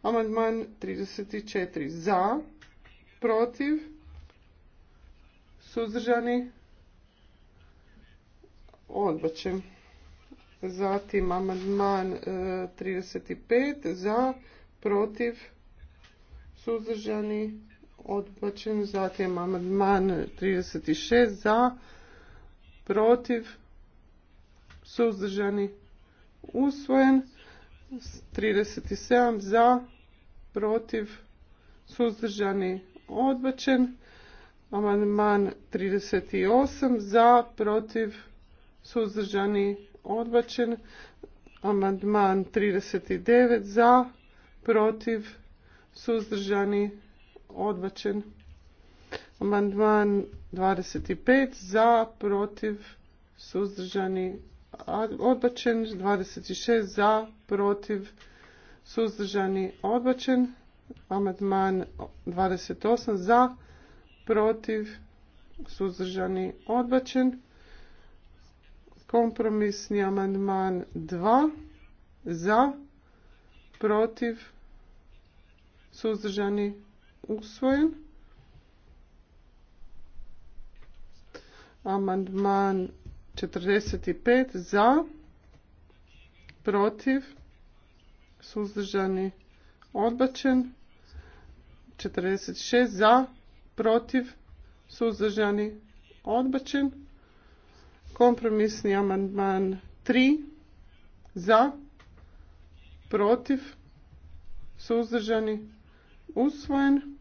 Amandman 34 za, protiv, suzdržani, odbačen. Zatim amandman 35 e, za, protiv, suzdržani, odbačen. Zatim amandman 36 za, protiv, suzdržani, usvojen. 37 za, protiv, suzdržani, odbačen. Amandman 38 za, protiv, suzdržani, odbačen. Amandman 39 za, protiv, suzdržani, odbačen. Amandman 25 za, protiv, suzdržani, odbačen. 26 za, protiv, suzdržani, odbačen. Amandman 28 za, protiv, suzdržani, odbačen. Kompromisni amandman 2 za, protiv, suzdržani, usvojen. Amandman 45 za, protiv, suzdržani, odbačen. 46 za, protiv, suzdržani, odbačen. Kompromisni amandman 3 za, protiv, suzdržani, usvojen.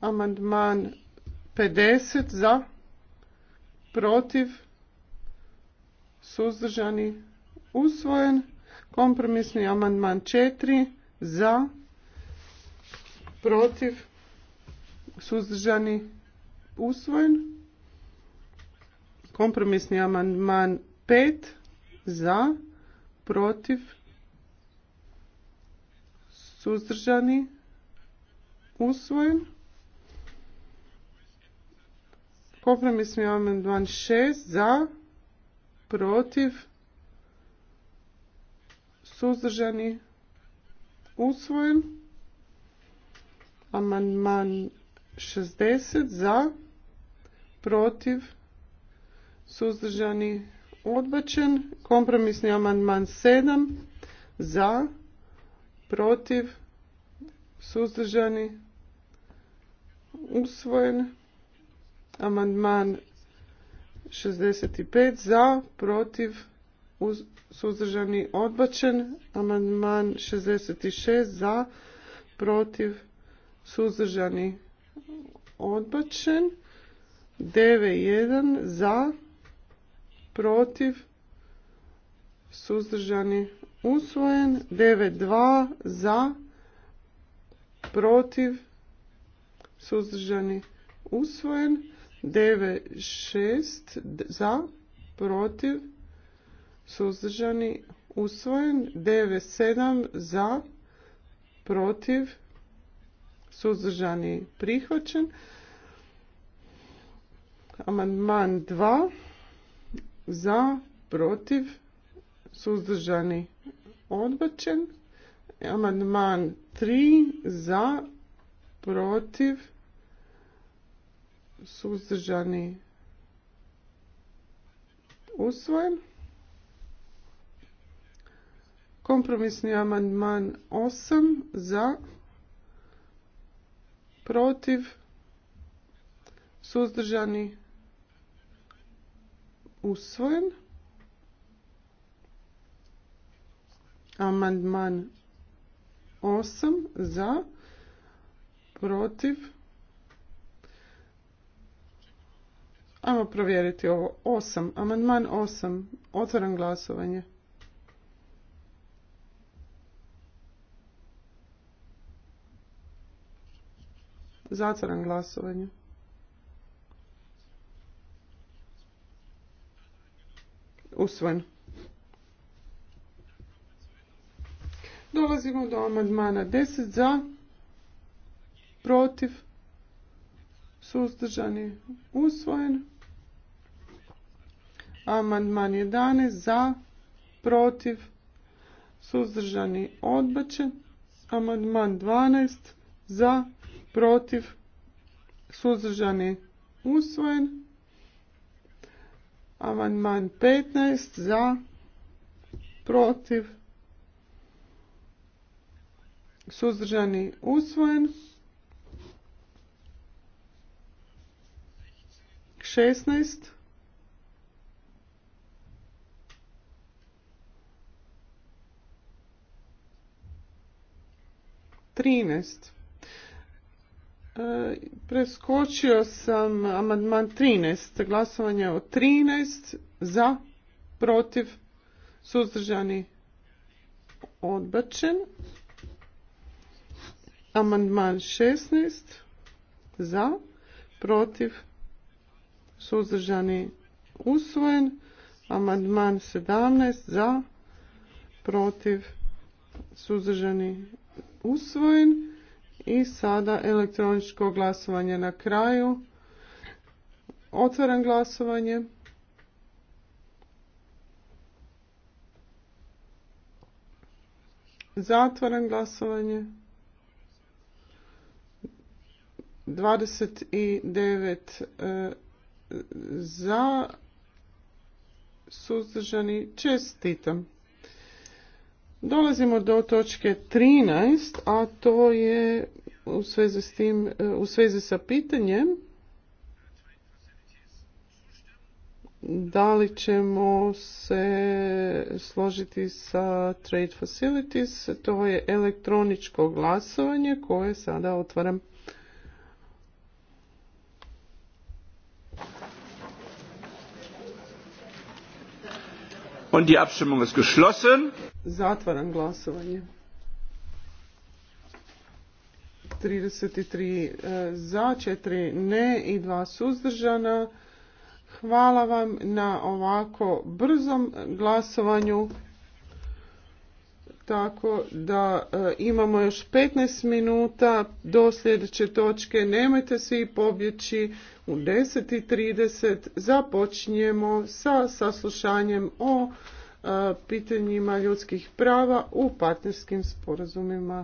Amandman 50 za, protiv, suzdržani, usvojen. Kompromisni amandman 4 za, protiv, suzdržani, usvojen. Kompromisni amandman 5 za, protiv, suzdržani, usvojen. Kompromisni amandman 6 za, protiv, suzdržani, usvojen. Amandman 60 za, protiv, suzdržani, odbačen. Kompromisni amandman 7 za, protiv, suzdržani, usvojen. Amandman 65 za, protiv, suzdržani, odbačen. Amandman 66 za, protiv, suzdržani, odbačen. 9.1 za, protiv, suzdržani, usvojen. 9.2 za, protiv, suzdržani, usvojen. 9.6 za, protiv, suzdržani, usvojen. 9.7 za, protiv, suzdržani, prihvaćen. Amandman 2 za, protiv, suzdržani, odbačen. Amandman 3 za, protiv, suzdržani, usvojen. Kompromisni amandman 8 za, protiv, suzdržani, usvojen. Amandman 8 za, protiv. Ajmo provjeriti ovo. 8. Amandman 8. Otvaram glasovanje. Zatvoram glasovanje. usvojen. Dolazimo do amandmana 10 za, protiv, suzdržani, usvojen. Amandman 11 za, protiv, suzdržani, odbačen. Amandman 12 za, protiv, suzdržani, usvojen. Amandman 15 za, protiv, suzdržani usvojen. 16 13 E, preskočio sam amandman 13. Glasovanje o 13 za, protiv, suzdržani, odbačen. Amandman 16 za, protiv, suzdržani, usvojen. Amandman 17 za, protiv, suzdržani, usvojen. I sada elektroničko glasovanje na kraju. Otvaram glasovanje. Zatvaram glasovanje. 29 e, za suzdržani čestitam. Dolazimo do točke 13, a to je u svezi, s tim, e, u svezi sa pitanjem da li ćemo se složiti sa trade facilities, to je elektroničko glasovanje koje sada otvaram. Und die Abstimmung ist geschlossen. Zatvaram glasovanje. 33 eh, za, 4 ne i 2 suzdržana. Hvala vam na ovako brzom glasovanju tako da e, imamo još 15 minuta do sljedeće točke. Nemojte svi pobjeći u 10.30. Započinjemo sa saslušanjem o e, pitanjima ljudskih prava u partnerskim sporazumima.